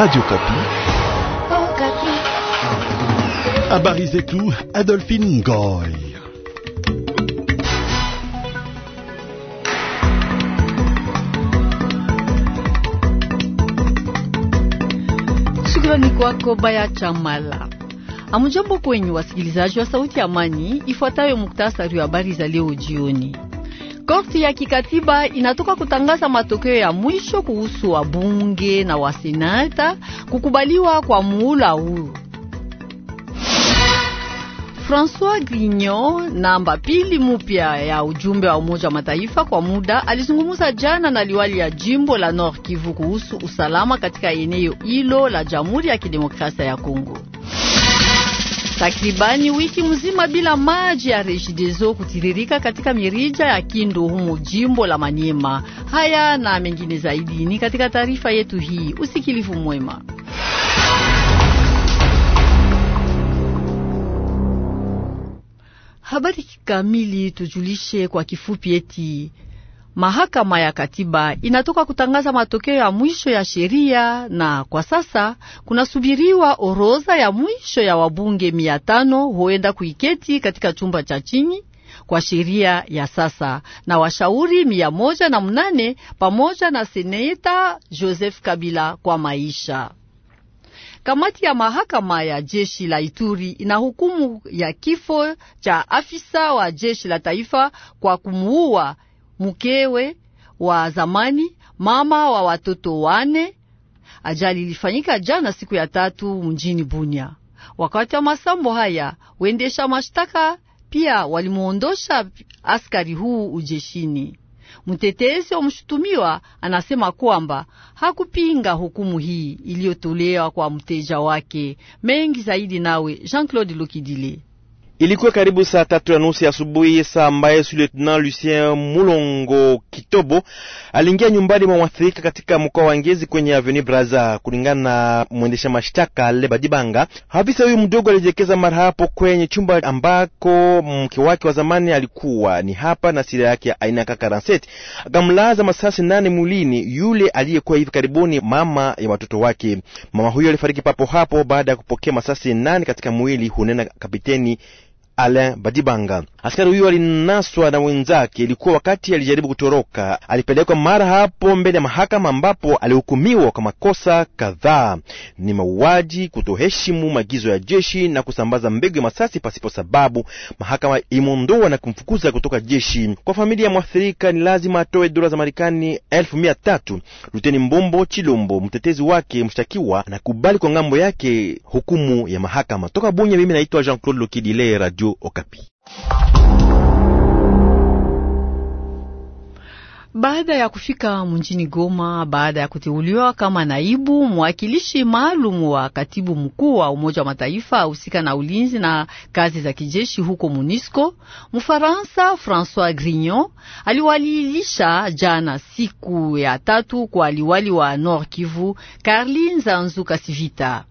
Radio Kapi. Oh, Kapi. Habari zetu Adolphine Ngoy. Shukrani kwako Baya Chamala. Amujambo kwenyu wasikilizaji wa Sauti ya Amani, ifuatayo muktasari wa habari za leo jioni. Korti ya kikatiba inatoka kutangaza matokeo ya mwisho kuhusu wabunge na wasenata kukubaliwa kwa muula huu. François Grignon, namba pili mupya ya ujumbe wa Umoja wa Mataifa kwa muda, alizungumza jana na liwali ya jimbo la Nord Kivu kuhusu usalama katika eneo hilo la Jamhuri ya Kidemokrasia ya Kongo. Takribani wiki mzima bila maji ya Regideso kutiririka katika mirija ya Kindu humo jimbo la manyema Haya na mengine zaidi ni katika taarifa yetu hii. Usikilivu mwema. Habari kamili tujulishe kwa kifupi eti Mahakama ya Katiba inatoka kutangaza matokeo ya mwisho ya sheria na kwa sasa kunasubiriwa orodha ya mwisho ya wabunge mia tano huenda kuiketi katika chumba cha chini kwa sheria ya sasa na washauri mia moja na mnane pamoja na seneta Joseph Kabila kwa maisha. Kamati ya mahakama ya jeshi la Ituri ina hukumu ya kifo cha afisa wa jeshi la taifa kwa kumuua mkewe wa zamani, mama wa watoto wane. Ajali ilifanyika jana siku ya tatu mjini Bunya. Wakati wa masambo haya, wendesha mashtaka pia walimuondosha askari huu ujeshini. Mtetezi wa mshutumiwa anasema kwamba hakupinga hukumu hii iliyotolewa kwa mteja wake. Mengi zaidi nawe Jean-Claude Lokidile. Ilikuwa karibu saa tatu ya nusu asubuhi, saa ambaye Sulieutenant Lucien Mulongo Kitobo aliingia nyumbani mwa mwathirika katika mkoa wa Ngezi kwenye Avenue Braza. Kulingana na mwendesha mashtaka Leba Dibanga, afisa huyu mdogo alijiekeza mara hapo kwenye chumba ambako mke wake wa zamani alikuwa ni hapa na silaha yake ya aina ya ak akamlaza masasi nane mwilini yule aliyekuwa hivi karibuni mama ya watoto wake. Mama huyo alifariki papo hapo baada ya kupokea masasi nane katika mwili, hunena kapiteni Alain Badibanga Askari huyo alinaswa na wenzake. Ilikuwa wakati alijaribu kutoroka, alipelekwa mara hapo mbele ya mahakama ambapo alihukumiwa kwa makosa kadhaa: ni mauaji, kutoheshimu maagizo ya jeshi na kusambaza mbegu ya masasi pasipo sababu. Mahakama imondoa na kumfukuza kutoka jeshi. Kwa familia ya mwathirika ni lazima atoe dola za Marekani elfu mia tatu. Luteni Mbombo Chilombo, mtetezi wake mshtakiwa, anakubali kwa ngambo yake hukumu ya mahakama. Toka Bunya, mimi naitwa Jean Claude Lokidile, Radio Okapi. Baada ya kufika mjini Goma, baada ya kuteuliwa kama naibu mwakilishi maalum wa katibu mkuu wa Umoja wa Mataifa husika na ulinzi na kazi za kijeshi huko MONUSCO, Mfaransa Francois Grignon aliwalilisha jana siku ya tatu kwa aliwali wa Nord Kivu Karli Nzanzu Kasivita.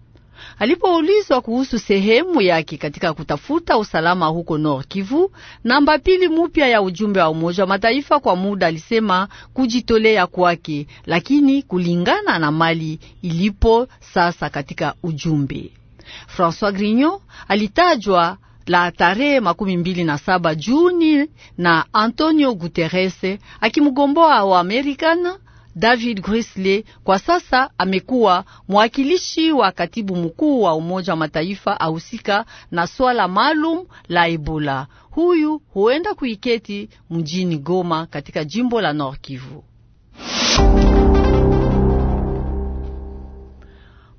Alipoulizwa kuhusu sehemu yake katika kutafuta usalama huko Nord Kivu, namba pili mupya ya ujumbe wa Umoja wa Mataifa kwa muda, alisema kujitolea kwake, lakini kulingana na mali ilipo sasa katika ujumbe. François Grignon alitajwa la tarehe makumi mbili na saba Juni na Antonio Guterres akimgomboa wa Amerikana David Grisley kwa sasa amekuwa mwakilishi wa katibu mkuu wa Umoja wa Mataifa ahusika na swala maalum la Ebola. Huyu huenda kuiketi mjini Goma katika jimbo la North Kivu.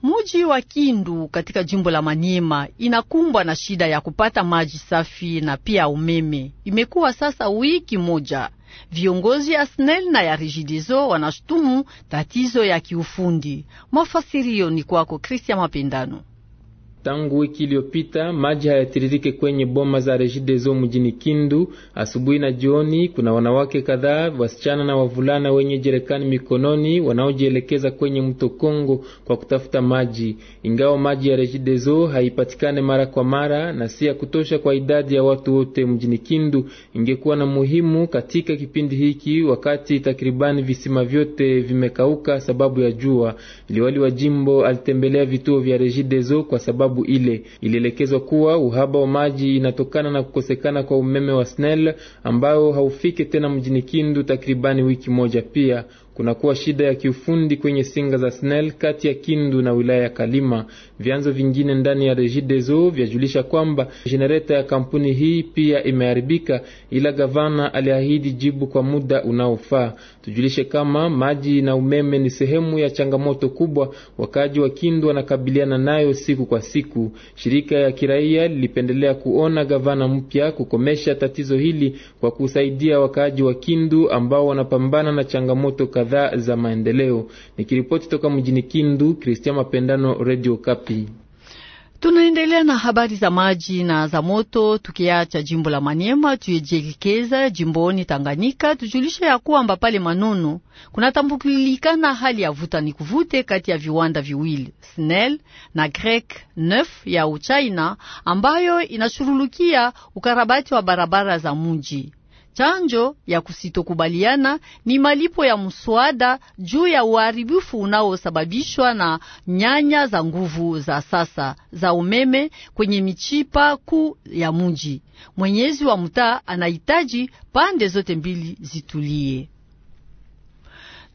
Muji wa Kindu katika jimbo la Maniema inakumbwa na shida ya kupata maji safi na pia umeme. Imekuwa sasa wiki moja Viongozi ya SNEL na ya Rigidizo wanashutumu tatizo ya kiufundi. Mafasirio ni kwako Kristian Mapendano. Tangu wiki iliyopita maji hayatiririke kwenye boma za Regideso mjini Kindu. Asubuhi na jioni, kuna wanawake kadhaa, wasichana na wavulana wenye jerekani mikononi wanaojielekeza kwenye mto Kongo kwa kutafuta maji. Ingawa maji ya Regideso haipatikane mara kwa mara na si ya kutosha kwa idadi ya watu wote mjini Kindu, ingekuwa na muhimu katika kipindi hiki, wakati takribani visima vyote vimekauka sababu ya jua. Liwali wa jimbo alitembelea vituo vya Regideso kwa sababu sababu ile. Ilielekezwa kuwa uhaba wa maji inatokana na kukosekana kwa umeme wa SNEL ambao haufiki tena mjini Kindu takribani wiki moja pia kunakuwa shida ya kiufundi kwenye singa za SNEL kati ya Kindu na wilaya ya Kalima. Vyanzo vingine ndani ya Regideso vyajulisha kwamba jenereta ya kampuni hii pia imeharibika, ila gavana aliahidi jibu kwa muda unaofaa. Tujulishe kama maji na umeme ni sehemu ya changamoto kubwa wakaaji wa Kindu wanakabiliana nayo siku kwa siku. Shirika ya kiraia lilipendelea kuona gavana mpya kukomesha tatizo hili kwa kusaidia wakaaji wa Kindu ambao wanapambana na changamoto kadhaa za maendeleo. Nikiripoti toka mjini Kindu, Christian Mapendano, Radio Kapi. Tunaendelea na habari za maji na za moto, tukiacha jimbo la Manyema, tuyejelekeza jimboni Tanganyika. Tujulishe ya kwamba pale Manunu kunatambukilikana hali ya vuta ni kuvute kati ya viwanda viwili snel na Grek 9 ya Uchina ambayo inashurulukia ukarabati wa barabara za muji Chanjo ya kusitokubaliana ni malipo ya mswada juu ya uharibifu unaosababishwa na nyanya za nguvu za sasa za umeme kwenye michipa kuu ya mji. Mwenyezi wa mtaa anahitaji pande zote mbili zitulie.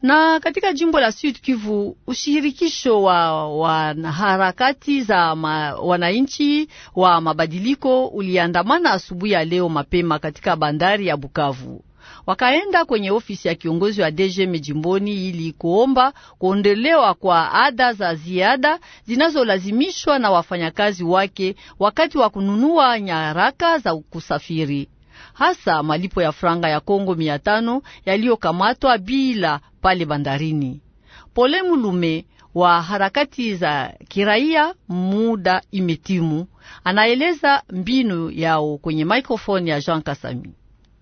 Na katika jimbo la Sud Kivu, ushirikisho wa wanaharakati za ma, wananchi wa mabadiliko uliandamana asubuhi ya leo mapema katika bandari ya Bukavu wakaenda kwenye ofisi ya kiongozi wa DGM jimboni ili kuomba kuondolewa kwa ada za ziada zinazolazimishwa na wafanyakazi wake wakati wa kununua nyaraka za kusafiri hasa malipo ya franga ya Kongo mia tano yaliyokamatwa bila pale bandarini. Pole Mulume wa harakati za kiraia muda imetimu, anaeleza mbinu yao kwenye mikrofoni ya Jean Kasami.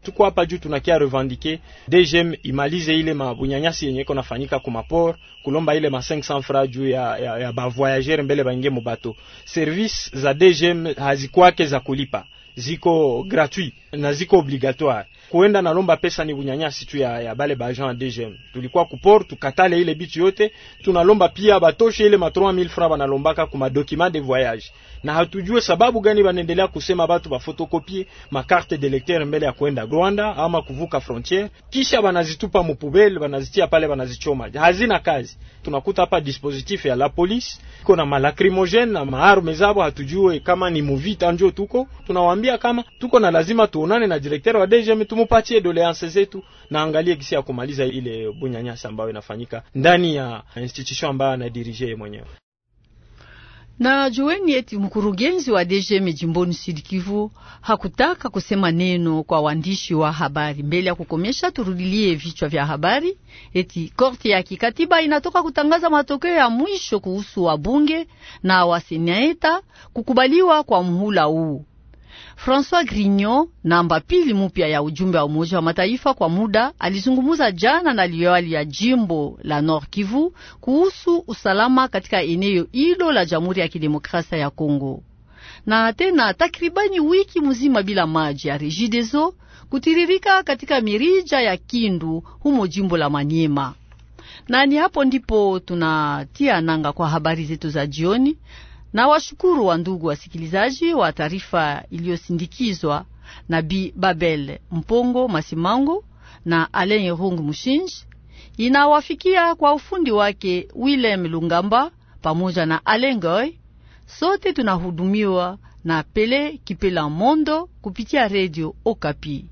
Tuko hapa juu tunakia revendike DGM imalize ile mabunyanyasi yenye iko nafanyika ku maport kulomba ile ma 500 francs juu ya, ya, ya ba voyageur mbele baingie mubato. Service za DGM hazikwake za kulipa ziko gratuit na ziko obligatoire kuenda nalomba pesa ni bunyanyasi tu ya, ya bale ba agent de jeune. Tulikuwa ku port tukatale ile bitu yote, tunalomba pia batoshe ile ma 3000 francs banalombaka kuma document de voyage, na hatujue sababu gani banaendelea kusema batu ma carte de lecteur mbele ya kwenda Rwanda ama kuvuka frontiere, kisha banazitupa mupubele, banazitia pale, banazichoma, hazina kazi. Tunakuta hapa dispositif ya la police iko na malacrimogene na maarme zabo, hatujue kama ni muvita njo tuko tunawaambia kama tuko na lazima tuonane na directeur wa DGM tu tumupatie doleance zetu na angalie gisi ya kumaliza ile bunyanyasa ambayo inafanyika ndani ya institution ambayo anadirije yeye mwenyewe. Na jueni eti mkurugenzi wa DGM jimboni Sud Kivu hakutaka kusema neno kwa waandishi wa habari mbele ya kukomesha. Turudilie vichwa vya habari. Eti korti ya kikatiba inatoka kutangaza matokeo ya mwisho kuhusu wabunge na waseneta kukubaliwa kwa mhula huu. François Grignon, namba pili mupya ya ujumbe wa Umoja wa Mataifa kwa muda, alizungumza jana na liwali ya jimbo la Nord Kivu kuhusu usalama katika eneo hilo la Jamhuri ya Kidemokrasia ya Kongo na tena takribani wiki mzima bila maji ya Regideso kutiririka katika mirija ya Kindu humo jimbo la Manyema. Na ni hapo ndipo tunatia nanga kwa habari zetu za jioni na washukuru wa ndugu wasikilizaji wa taarifa iliyosindikizwa na Bi Babel Mpongo Masimango na Alain rung Mushinji, inawafikia kwa ufundi wake Willem Lungamba pamoja na Alain Goy. Sote tunahudumiwa na Pele Kipela Mondo kupitia Radio Okapi.